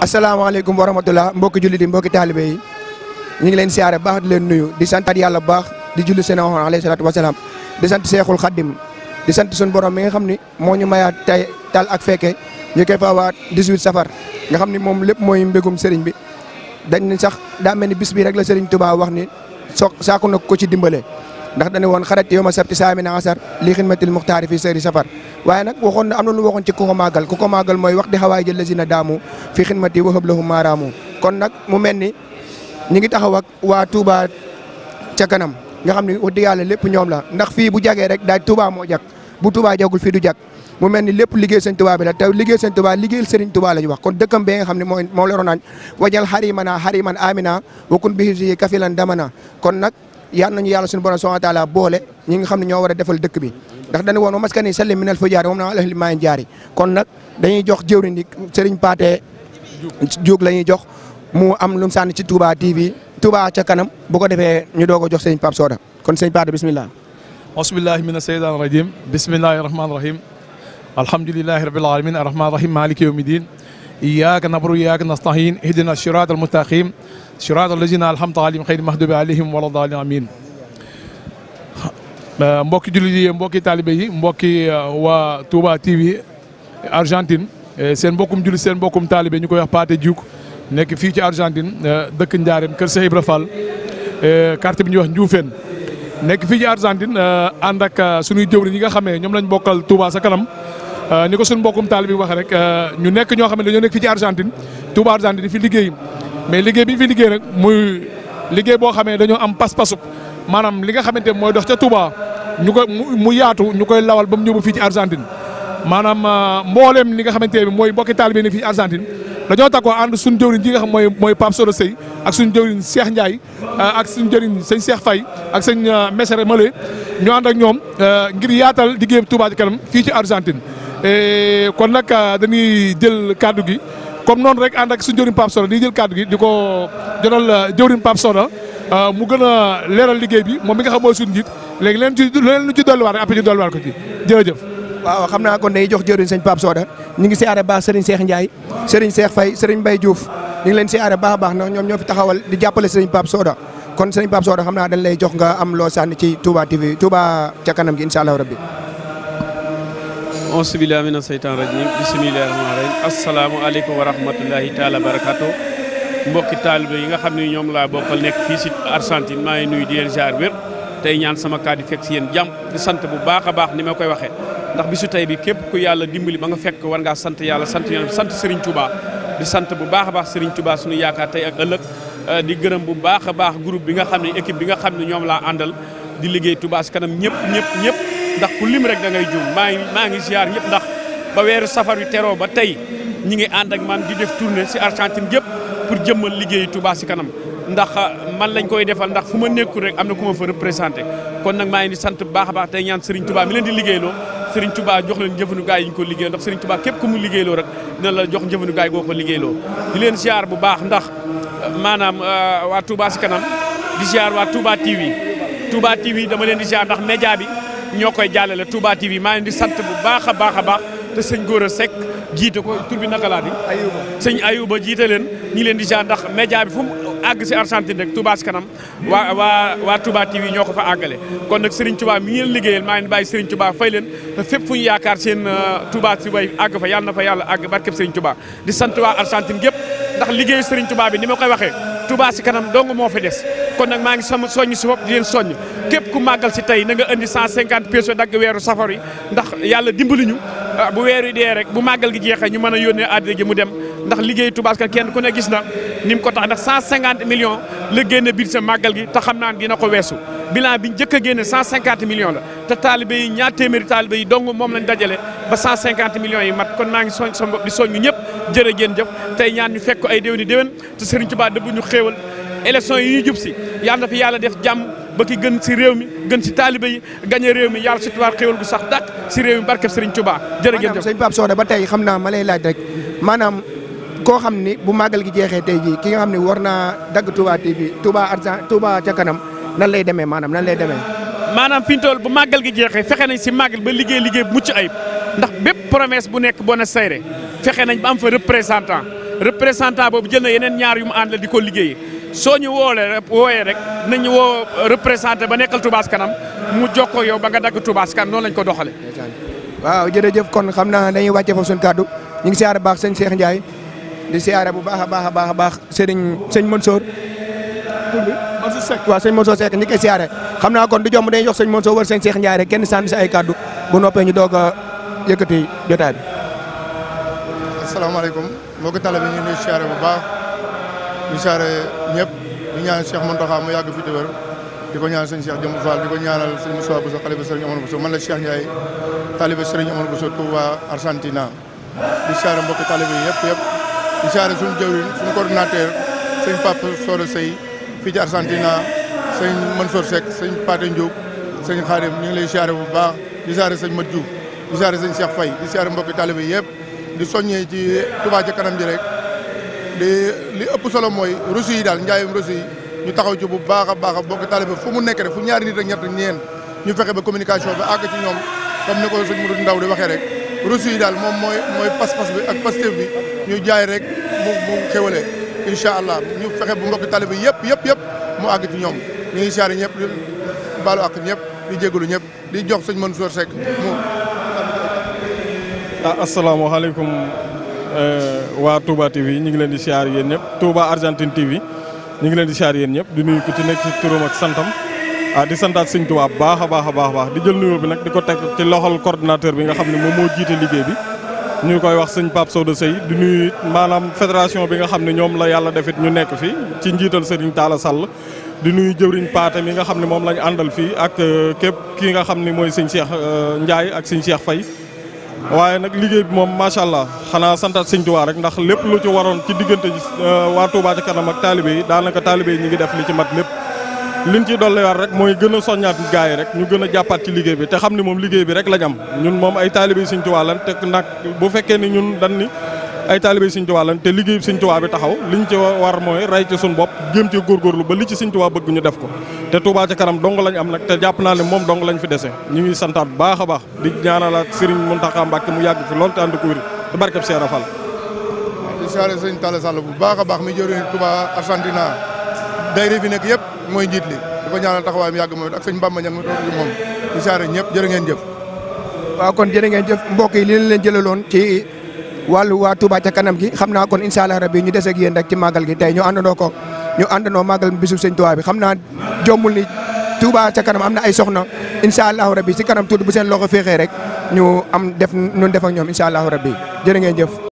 asalaamaaleykum wa rahmatulah mbokki julli di mbokki taalibe yi ñu ngi leen siyaare baax di leen nuyu di sant yàlla bu baax di julli seen waxoon alayhi salaatu wasalaam di sant seexul xaddim di sant suñu borom mi nga xam ni moo ñu mayaat tay tal ak fekke ñu koy faawaat 18 safar nga xam ni moom lépp mooy mbégum sëriñ bi dañ ne sax daa mel ni bis bi rek la sëriñ Tuubaa wax ni so saaku na ko ci dimbale ndax dañu woon xaraj yow ma sabti saami na asar li xidmatil muxtaari fi sëri safar waaye nag waxoon am na lu waxoon ci ku ko màggal ko màggal mooy wax di xawaay jël la si na daamu fi xidmati wa xëblahu maaraamu kon nag mu mel ni ñu ngi taxaw ak waa Touba ca kanam nga xam ni wax dëgg yàlla lépp ñoom la ndax fii bu jagee rek daaj Touba moo jag bu Touba jagul fii du jag mu mel ni lépp liggéey sëñ Touba bi la te liggéey sëñ Touba liggéeyal sëriñ Touba la ñu wax kon dëkkam bee nga xam ne mooy moom la roon naañ wajal xarimana xariman amina wakun bihi kafilan damana kon nag yal nañu yàlla suñu borom subhanahu wa taala boole ñi nga xam ne ñoo war a dëkk bi ndax dañu woon wa maskani sallim minal fujaari moom naa alahli maayin jaari kon nag dañuy jox jëwriñ ni Serigne Pathé Diop la ñuy jox mu am lu mu sànni ci Touba TV Touba ca kanam bu ko defee ñu doog a jox Serigne Pape Soda kon Serigne Pathé bismillah asbillahi mina seytaan rajim bismillahi rahmaani rahim alhamdulilahi rabil alamin arrahman rahim maliki yawmi din إياك نعبد وإياك نستعين اهدنا الصراط المستقيم صراط الذين أنعمت عليهم غير المغضوب عليهم ولا الضالين آمين mbokki jullit yi mbokki taalibe yi mbokki waa Touba TV Argentine seen mbokkum jullit seen mbokkum taalibe ñu koy wax Pathé Diouk nekk fii ci Argentine dëkk Njaareem Kër Cheikh Ibra bi ñuy wax Ndioufène nekk fii ci Argentine ànd ak sunuy jëwriñ yi nga xamee ñoom lañ bokkal tuuba sa kanam Euh, ni ko suñu mbokkum taal bi waxee rek euh, ñu nekk ñoo xam ne dañoo nekk fii ci Argentine Touba Argentine fi liggéey mais liggéey bi fi liggéey rek muy liggéey boo xamee dañoo am pas-pasub maanaam li nga xamante mooy dox ca Touba ñu koy mu yaatu ñu koy lawal ba mu ñëw fii ci Argentine maanaam euh, mbooleem li nga xamante ne mooy mbokki taal ne fii ci Argentine dañoo takkoo ànd suñu jëwriñ ji nga xam mooy mooy Pape Soro Sey ak suñu jëwriñ Cheikh Ndiaye ak suñu jëwriñ sëñ Cheikh Faye ak sëñ Messere Malé ñu ànd ak ñoom ngir yaatal liggéey Touba ci kanam fii ci Argentine kon nag euh, dañuy jël kaddu gi comme noonu rek ànd ak suñu jëwriñ Pape Soda di jël kaddu gi di ko jotal euh, jëwriñ Pape Soda euh, mu gën a leeral liggéey bi moom bi nga xam mooy suñu njiit léegi leen ci leen ci dolliwaat rek après ñu dolliwaat ko jërëjëf. waaw xam naa kon day jox jëwriñ sëñ Pape Soda ñu ngi siyaare baax Serigne seex Ndiaye Serigne seex Faye Serigne Mbaye Diouf ñu ngi leen siyaare baax a baax ndax ñoom ñoo fi taxawal di jàppale Serigne Pape Soda kon Serigne Pape Soda xam naa dañ lay jox nga am loo sànni ci Touba TV Touba kanam gi incha allah rabbi auzu billaahi mina seytaan rajim bismillaahi rahmaani rahim assalaamu aleykum wa rahmatullahi taala barakaatu mbokki taalibe yi nga xam ne ñoom laa bokkal nekk fii si Argentine maa ngi nuyu di leen jaar wér tey ñaan sama kàddu fekk si yéen jàmm di sant bu baax a baax ni ma koy waxee ndax bi bisu tey bi képp ku yàlla dimbali ba nga fekk war ngaa sant yàlla sant yoon sant Serigne Touba di sant bu baax a baax Serigne Touba suñu yaakaar tey ak ëllëg euh, di gërëm bu baax a baax groupe bi nga xam ne équipe bi nga xam ne ñoom laa àndal di liggéey Touba si kanam ñëpp ñëpp ñëpp ndax ku lim rek da ngay juum maa ngi maa ngi ziar ñëpp ndax ba weeru safar wi teroo ba tey ñi ngi ànd ak maam di def turne si Argentine yëpp pour jëmmal liggéey Touba si kanam ndax ah, man lañ koy defal ndax fu ma nekkul rek am na ku ma fa représenté kon nag maa ni di sant bu baax a baax tey ñaan Serigne Touba mi leen di liggéeyloo Serigne Touba jox leen njëfandu gaay yi ñu ko liggéey ndax Serigne Touba képp ku mu liggéeyloo rek dina la jox njëfandu gaay goo ko liggéeyloo di leen ziar bu baax ndax ah, maanaam ah, waa Touba si kanam di ziar waa Touba TV Touba TV dama leen di ziar ndax média bi ñoo koy jàllale Touba TV maa ngi di sant bu baax a baax a baax te sëñ Gora Seck jiite ko tur bi naka laa di. Ayuba sëñ Ayuba jiite leen ñi leen di jaar ndax média bi fu mu àgg si Argentine rek Touba si kanam waa waa waa Touba TV ñoo ko fa àggale. kon nag Serigne Touba mi ngeen maa ngi bàyyi Serigne Touba fay leen te fépp fu ñu yaakaar seen euh, Touba si way àgg fa yàlla na fa yàlla àgg barkeb Serigne Touba di sant waa Argentine gépp ndax liggéeyu Serigne Touba bi ni ma koy waxee Touba si kanam dong moo fa des. kon nag maa ngi sama soññ si bopp di leen soññ képp ku màggal si tey nanga nga indi 150 peeso dagg weeru safar yi ndax yàlla dimbali ñu ah, bu weer yi dee rek bu màggal gi jeexee ñu mën a yónnee àddina ji mu dem ndax liggéey Touba Ca kenn ku ne gis na ni ko tax ndax 150 millions la génne biir sa màggal gi te xam naa ne dina ko weesu bilan bi njëkk a génne 150 million la te taalibe yi ñaar téeméeri taalibe yi dong moom lañ dajale ba 150 millions yi mat kon maa ngi soñ sama bopp ñëpp jërë ngeen jëf tey ñaan ñu fekk ko ay déwéni déwén te Serigne Touba dëbb élection yi ñu jub si yàlla fi yàlla def jàmm ba ki gën si réew mi gën si taalibe yi gañe réew mi yàlla suturaal xéwal gu sax dàq si réew mi barkeb Serigne Touba jërëjëf maanaam sëñ Pape Soxna ba tey xam naa ma lay laaj rek maanaam koo xam ni bu màggal gi jeexee tey ji ki nga xam ne war naa dagg Touba TV Touba Argent Touba ca kanam nan lay demee maanaam nan lay demee maanaam ñu toll bu màggal gi jeexee fexe nañ si màggal ba liggéey liggéey bu mucc ay ndax bépp promesse bu nekk Buenos seyre fexe nañ ba am fa représentant boobu jël na yeneen ñaar yu mu ànd la di ko liggéey soo ñu woolee rek wooyee rek nañu woo représenté ba nekkal tubaas Kanam mu jokkoo yow ba nga dagg Touba Ca Kanam noonu lañ ko doxale waaw jërëjëf kon xam naa dañuy wàcce foofu suñu kàddu ñu ngi siyaare baax sëñ Cheikh Ndiaye di siyaare bu baax a baax a baax a baax sëriñ sëñ Mansour. Mansour Seck waaw sëñ Mansour Seck ñu koy siyaare xam naa kon du jomb dañuy jox sëñ Mansour wër sëñ Cheikh Ndiaye rek kenn sànni si ay kàddu bu noppee ñu doog a yëkkati ñu ngi siyaare bu di saare ñëpp di ñaan Cheikh Mountakha mu yàgg fi te wér di ko ñaan sëñ Cheikh Jëmb Fall di ko ñaanal sëñ Moussa Bousso xalifa sëriñ Omar Bousso man la Cheikh Ndiaye taliba sëriñ Omar Bousso Touba Argentina di saare mbokk taliba yi yëpp yëpp di saare suñu jëwriñ sëñ Pape Soro Sey fii ci Argentina man Mansour Seck sëñ Pate Ndiouk sëñ Xaadim ñu ngi lay saare bu baax di saare sëñ Mat Diouf di saare sëñ Cheikh Faye di saare mbokk taliba yi yëpp di soññee ci Touba ca kanam ji rek li li ëpp solo mooy reçu yi daal njaayum reçu yi ñu taxaw ci bu baax a baax a bokk taalibe fu mu nekk rek fu ñaar nit ak ñett ñeen ñu fexe ba communication bi àgg ci ñoom comme ni ko sëñ Modou Ndaw di waxee rek reçu yi daal moom mooy mooy pas-pas bi ak Pastef bi ñu jaay rek mu mu xéwalee incha allah ñu fexe bu mbokk taalibe yëpp yëpp yëpp mu àgg ci ñoom ñu ngi siyaare ñëpp di baalu àq ñëpp di jégalu ñëpp di jox sëñ Mansour Seck mu. ah asalaamaaleykum. Euh, waa Touba TV ñu ngi leen di siyaar yéen ñëpp Touba Argentine TV ñu ngi leen di siyaar yéen ñëpp di nuyu ku ci nekk ci turam ak santam ah di santaat Sëñ Touba baax a baax a baax baax di jël nuyoo bi nag di ko teg ci loxol coordinateur bi nga xam ne moom moo jiite liggéey bi ñu koy wax sëñ Pape Sow de Sey di nuyu maanaam fédération bi nga xam ne ñoom la yàlla defit ñu nekk fi ci njiital Serigne Talla Sall di nuyu jëwriñ paate mi nga xam ne moom lañu àndal fi ak eh, képp ki nga xam ni mooy sëñ Cheikh eh, Ndiaye ak sëñ Cheikh fay waaye nag liggéey bi moom macha allah xanaa santaat sëñ Tuubaa rek ndax lépp lu ci waroon ci diggante euh, waa Touba ci kanam ak taalibe yi daanaka taalibe yi ñu ngi def li ci mat lépp liñ ci dolliwaat rek mooy gën a soññaat gaa yi rek ñu gën a jàppaat ci liggéey bi te xam ni moom liggéey bi rek lañ am ñun moom ay taalibe yi sëñ Tuubaa lan te nag bu fekkee ni ñun dan ni ay taalibe Sëñ Tuubaa lañ te liggéey Sëñ Tuubaa bi taxaw liñ ci war mooy ray ci suñ bopp jéem ci góorgóorlu ba li ci Sëñ bëgg ñu def ko te Tuubaa ca kanam dong am nag te jàpp naa ne moom dong lañ fi dese ñu ngi santaat bu baax a baax di ñaanalaat Sëriñ Muntaxa Mbàkke mu yàgg fi lool te ànd ko te barkeb Seera Fall di siyaare Sëñ Talla Sall bu baax a baax mi jëriñ Tuubaa Argentina dayre fi nekk yëpp mooy njiit li di ko ñaanal taxawaayam yàgg moom ak sëñ Bamba ñag mi toog ci moom di siyaare ñëpp jërë kon jërë ngeen jëf mbokk yi li leen jëlaloon ci wàllu waa Touba ca kanam gi xam naa kon incha allah rabi ñu deseeg yéen rek ci màggal gi tey ñu àndandoo ko ñu àndandoo màggal bisu sëñ Touba bi xam naa jommul ni Touba ca kanam am na ay soxna incha allahu rabi si kanam tuuti bu seen loxo féexee rek ñu am def nun def ak ñoom incha allahu rabi jërë ngeen jëf.